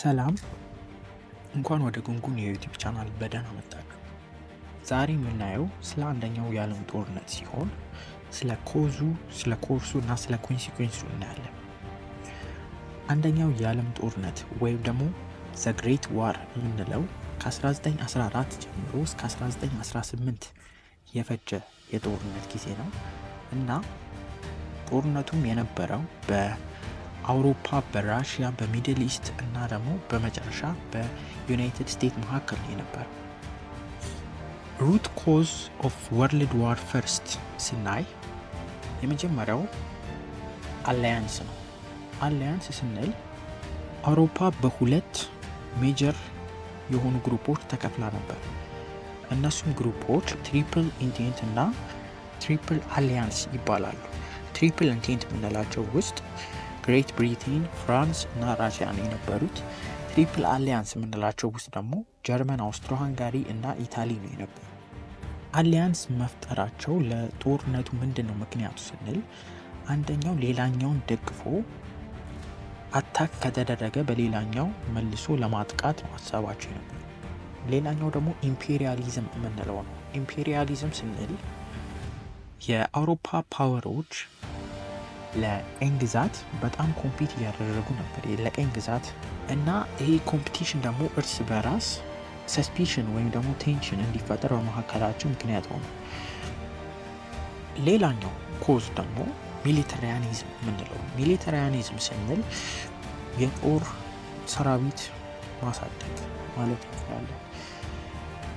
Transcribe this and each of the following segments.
ሰላም እንኳን ወደ ጉንጉን የዩቲብ ቻናል በደህና መጣችሁ። ዛሬ የምናየው ስለ አንደኛው የዓለም ጦርነት ሲሆን ስለ ኮዙ፣ ስለ ኮርሱ እና ስለ ኮንሲኩንሱ እናያለን። አንደኛው የዓለም ጦርነት ወይም ደግሞ ዘ ግሬት ዋር የምንለው ከ1914 ጀምሮ እስከ 1918 የፈጀ የጦርነት ጊዜ ነው እና ጦርነቱም የነበረው በ በአውሮፓ በራሽያ በሚድል ኢስት እና ደግሞ በመጨረሻ በዩናይትድ ስቴትስ መካከል የነበረ ሩት ኮዝ ኦፍ ወርልድ ዋር ፈርስት ስናይ የመጀመሪያው አላያንስ ነው። አላያንስ ስንል አውሮፓ በሁለት ሜጀር የሆኑ ግሩፖች ተከፍላ ነበር። እነሱም ግሩፖች ትሪፕል ኢንቴንት እና ትሪፕል አሊያንስ ይባላሉ። ትሪፕል ኢንቴንት የምንላቸው ውስጥ ግሬት ብሪቴን፣ ፍራንስ እና ራሽያ ነው የነበሩት። ትሪፕል አሊያንስ የምንላቸው ውስጥ ደግሞ ጀርመን፣ አውስትሮ ሃንጋሪ እና ኢታሊ ነው የነበሩ። አሊያንስ መፍጠራቸው ለጦርነቱ ምንድን ነው ምክንያቱ ስንል አንደኛው ሌላኛውን ደግፎ አታክ ከተደረገ በሌላኛው መልሶ ለማጥቃት ነው ሀሳባቸው የነበሩ። ሌላኛው ደግሞ ኢምፔሪያሊዝም የምንለው ነው። ኢምፔሪያሊዝም ስንል የአውሮፓ ፓወሮች ለቀኝ ግዛት በጣም ኮምፒት እያደረጉ ነበር ለቀኝ ግዛት እና ይሄ ኮምፒቲሽን ደግሞ እርስ በራስ ሰስፒሽን ወይም ደግሞ ቴንሽን እንዲፈጠር በመካከላቸው ምክንያት ሆነ ሌላኛው ኮዝ ደግሞ ሚሊተሪያኒዝም የምንለው ሚሊተሪያኒዝም ስንል የጦር ሰራዊት ማሳደግ ማለት እንችላለን።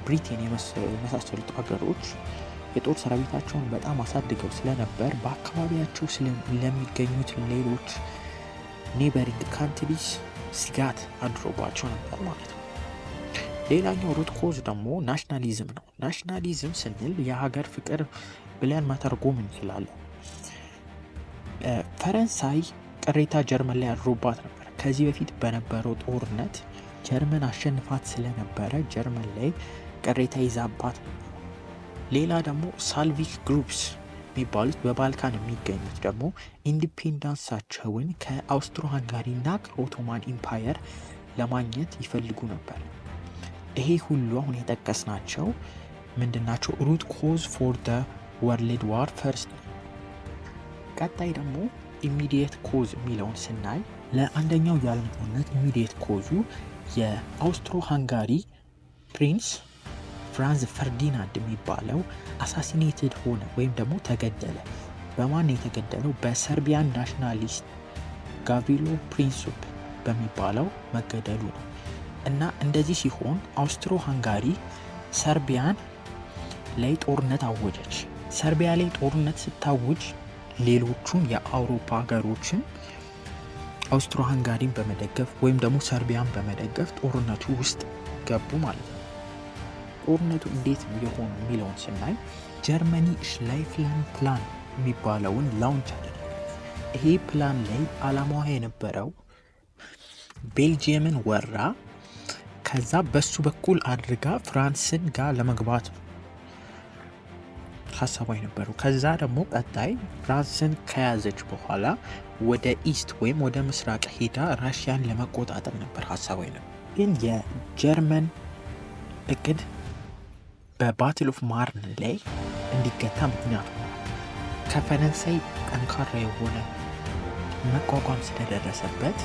ብሪቴን የመሳሰሉት ሀገሮች የጦር ሰራዊታቸውን በጣም አሳድገው ስለነበር በአካባቢያቸው ለሚገኙት ሌሎች ኔበሪንግ ካንትሪስ ስጋት አድሮባቸው ነበር ማለት ነው። ሌላኛው ሩት ኮዝ ደግሞ ናሽናሊዝም ነው። ናሽናሊዝም ስንል የሀገር ፍቅር ብለን መተርጎም እንችላለን። ፈረንሳይ ቅሬታ ጀርመን ላይ አድሮባት ነበር። ከዚህ በፊት በነበረው ጦርነት ጀርመን አሸንፋት ስለነበረ ጀርመን ላይ ቅሬታ ይዛባት ነበር። ሌላ ደግሞ ሳልቪክ ግሩፕስ የሚባሉት በባልካን የሚገኙት ደግሞ ኢንዲፔንዳንሳቸውን ከአውስትሮ ሃንጋሪና ከኦቶማን ኢምፓየር ለማግኘት ይፈልጉ ነበር። ይሄ ሁሉ አሁን የጠቀስናቸው ምንድናቸው? ሩት ኮዝ ፎር ደ ወርልድ ዋር ፈርስት። ቀጣይ ደግሞ ኢሚዲየት ኮዝ የሚለውን ስናይ ለአንደኛው የዓለም ጦርነት ኢሚዲየት ኮዙ የአውስትሮ ሃንጋሪ ፕሪንስ ፍራንዝ ፈርዲናንድ የሚባለው አሳሲኔትድ ሆነ ወይም ደግሞ ተገደለ። በማን የተገደለው? በሰርቢያን ናሽናሊስት ጋቪሎ ፕሪንሱፕ በሚባለው መገደሉ ነው። እና እንደዚህ ሲሆን አውስትሮ ሃንጋሪ ሰርቢያን ላይ ጦርነት አወጀች። ሰርቢያ ላይ ጦርነት ስታውጅ ሌሎቹም የአውሮፓ ሀገሮችን አውስትሮ ሃንጋሪን በመደገፍ ወይም ደግሞ ሰርቢያን በመደገፍ ጦርነቱ ውስጥ ገቡ ማለት ነው። ጦርነቱ እንዴት የሆኑ የሚለውን ስናይ ጀርመኒ ሽላይፍላን ፕላን የሚባለውን ላውንች አደረገ። ይሄ ፕላን ላይ አላማዋ የነበረው ቤልጅየምን ወራ ከዛ በሱ በኩል አድርጋ ፍራንስን ጋር ለመግባት ነው ሀሳቧ የነበረው። ከዛ ደግሞ ቀጣይ ፍራንስን ከያዘች በኋላ ወደ ኢስት ወይም ወደ ምስራቅ ሄዳ ራሽያን ለመቆጣጠር ነበር ሀሳቧ የነበረው። ግን የጀርመን እቅድ በባትል ኦፍ ማርን ላይ እንዲገታ ምክንያቱ ከፈረንሳይ ጠንካራ የሆነ መቋቋም ስለደረሰበት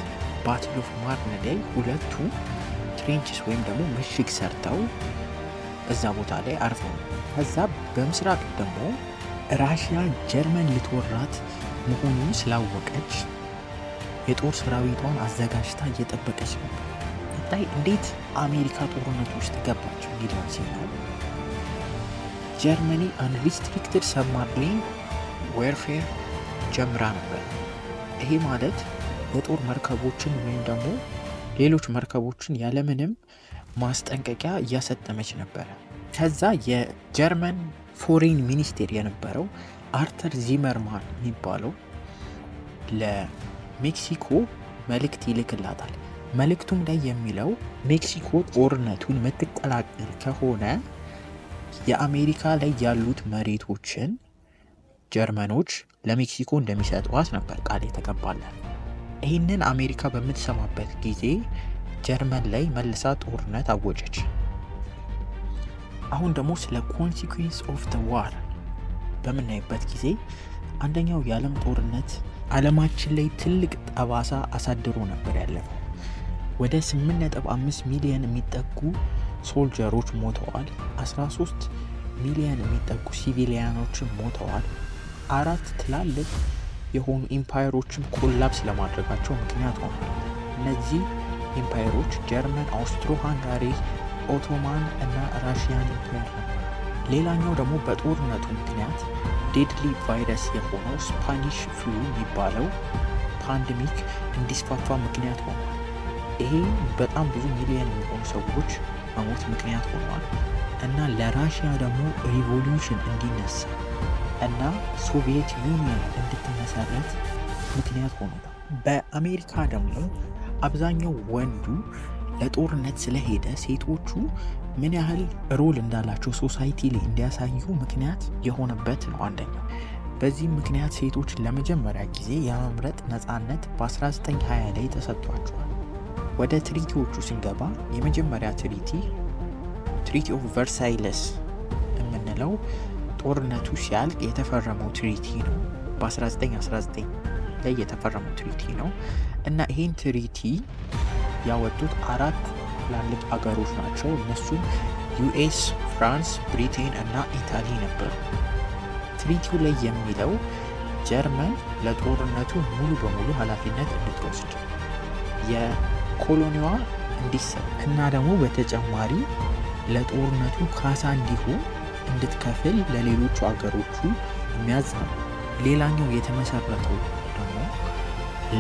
ባትል ኦፍ ማርን ላይ ሁለቱ ትሬንችስ ወይም ደግሞ ምሽግ ሰርተው እዛ ቦታ ላይ አርፈው ከዛ በምስራቅ ደግሞ ራሽያ ጀርመን ልትወራት መሆኑን ስላወቀች የጦር ሰራዊቷን አዘጋጅታ እየጠበቀች ነበር። ቀጣይ እንዴት አሜሪካ ጦርነት ውስጥ ገባች የሚለውን ሲናል ጀርመኒ አንሪስትሪክትድ ሰብማሪን ዌርፌር ጀምራ ነበር። ይሄ ማለት የጦር መርከቦችን ወይም ደግሞ ሌሎች መርከቦችን ያለምንም ማስጠንቀቂያ እያሰጠመች ነበረ። ከዛ የጀርመን ፎሬን ሚኒስቴር የነበረው አርተር ዚመርማን የሚባለው ለሜክሲኮ መልእክት ይልክላታል። መልእክቱም ላይ የሚለው ሜክሲኮ ጦርነቱን የምትቀላቀል ከሆነ የአሜሪካ ላይ ያሉት መሬቶችን ጀርመኖች ለሜክሲኮ እንደሚሰጧት ነበር ቃል የተገባለን። ይህንን አሜሪካ በምትሰማበት ጊዜ ጀርመን ላይ መልሳ ጦርነት አወጀች። አሁን ደግሞ ስለ ኮንሲኩዌንስ ኦፍ ደ ዋር በምናይበት ጊዜ አንደኛው የዓለም ጦርነት ዓለማችን ላይ ትልቅ ጠባሳ አሳድሮ ነበር ያለፈው ወደ 8.5 ሚሊዮን የሚጠጉ ሶልጀሮች ሞተዋል። 13 ሚሊዮን የሚጠጉ ሲቪሊያኖችን ሞተዋል። አራት ትላልቅ የሆኑ ኢምፓየሮችም ኮላፕስ ለማድረጋቸው ምክንያት ሆኗል። እነዚህ ኢምፓየሮች ጀርመን፣ አውስትሮ ሃንጋሪ፣ ኦቶማን እና ራሽያን ኢምፓየር ነበር። ሌላኛው ደግሞ በጦርነቱ ምክንያት ዴድሊ ቫይረስ የሆነው ስፓኒሽ ፍሉ የሚባለው ፓንዴሚክ እንዲስፋፋ ምክንያት ሆኗል። ይሄ በጣም ብዙ ሚሊዮን የሚሆኑ ሰዎች መሞት ምክንያት ሆኗል እና ለራሽያ ደግሞ ሪቮሉሽን እንዲነሳ እና ሶቪየት ዩኒየን እንድትመሰረት ምክንያት ሆኗል። በአሜሪካ ደግሞ አብዛኛው ወንዱ ለጦርነት ስለሄደ ሴቶቹ ምን ያህል ሮል እንዳላቸው ሶሳይቲ ላይ እንዲያሳዩ ምክንያት የሆነበት ነው አንደኛው። በዚህም ምክንያት ሴቶች ለመጀመሪያ ጊዜ የመምረጥ ነፃነት በ1920 ላይ ተሰጥቷቸዋል። ወደ ትሪቲዎቹ ስንገባ የመጀመሪያ ትሪቲ ትሪቲ ኦፍ ቨርሳይለስ የምንለው ጦርነቱ ሲያልቅ የተፈረመው ትሪቲ ነው። በ1919 ላይ የተፈረመው ትሪቲ ነው እና ይህን ትሪቲ ያወጡት አራት ትላልቅ አገሮች ናቸው። እነሱም ዩኤስ፣ ፍራንስ፣ ብሪቴን እና ኢታሊ ነበሩ። ትሪቲው ላይ የሚለው ጀርመን ለጦርነቱ ሙሉ በሙሉ ኃላፊነት እንድትወስድ ኮሎኒዋ እንዲሰጥ እና ደግሞ በተጨማሪ ለጦርነቱ ካሳ እንዲሆን እንድትከፍል ለሌሎቹ አገሮቹ የሚያዝ ነው። ሌላኛው የተመሰረተው ደግሞ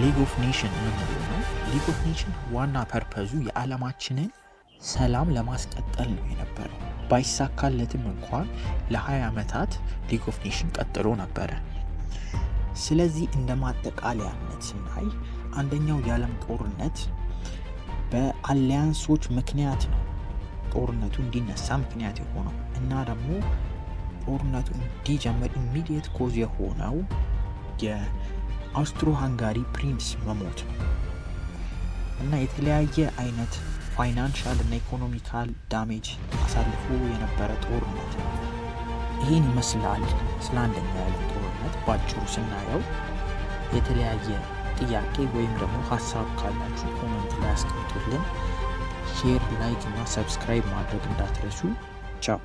ሊግ ኦፍ ኔሽን የምንለው ነው። ሊግ ኦፍ ኔሽን ዋና ፐርፐዙ የዓለማችንን ሰላም ለማስቀጠል ነው የነበረው። ባይሳካለትም እንኳን ለ20 ዓመታት ሊግ ኦፍ ኔሽን ቀጥሎ ነበረ። ስለዚህ እንደ ማጠቃለያነት ስናይ አንደኛው የዓለም ጦርነት በአሊያንሶች ምክንያት ነው ጦርነቱ እንዲነሳ ምክንያት የሆነው እና ደግሞ ጦርነቱ እንዲጀምር ኢሚዲየት ኮዝ የሆነው የአውስትሮ ሃንጋሪ ፕሪንስ መሞት ነው እና የተለያየ አይነት ፋይናንሻል እና ኢኮኖሚካል ዳሜጅ አሳልፎ የነበረ ጦርነት ነው። ይህን ይመስላል ስለ አንደኛ ያለ ጦርነት ባጭሩ ስናየው የተለያየ ጥያቄ ወይም ደግሞ ሀሳብ ካላችሁ ኮመንት ላይ አስቀምጡልን። ሼር፣ ላይክ እና ሰብስክራይብ ማድረግ እንዳትረሱ። ቻው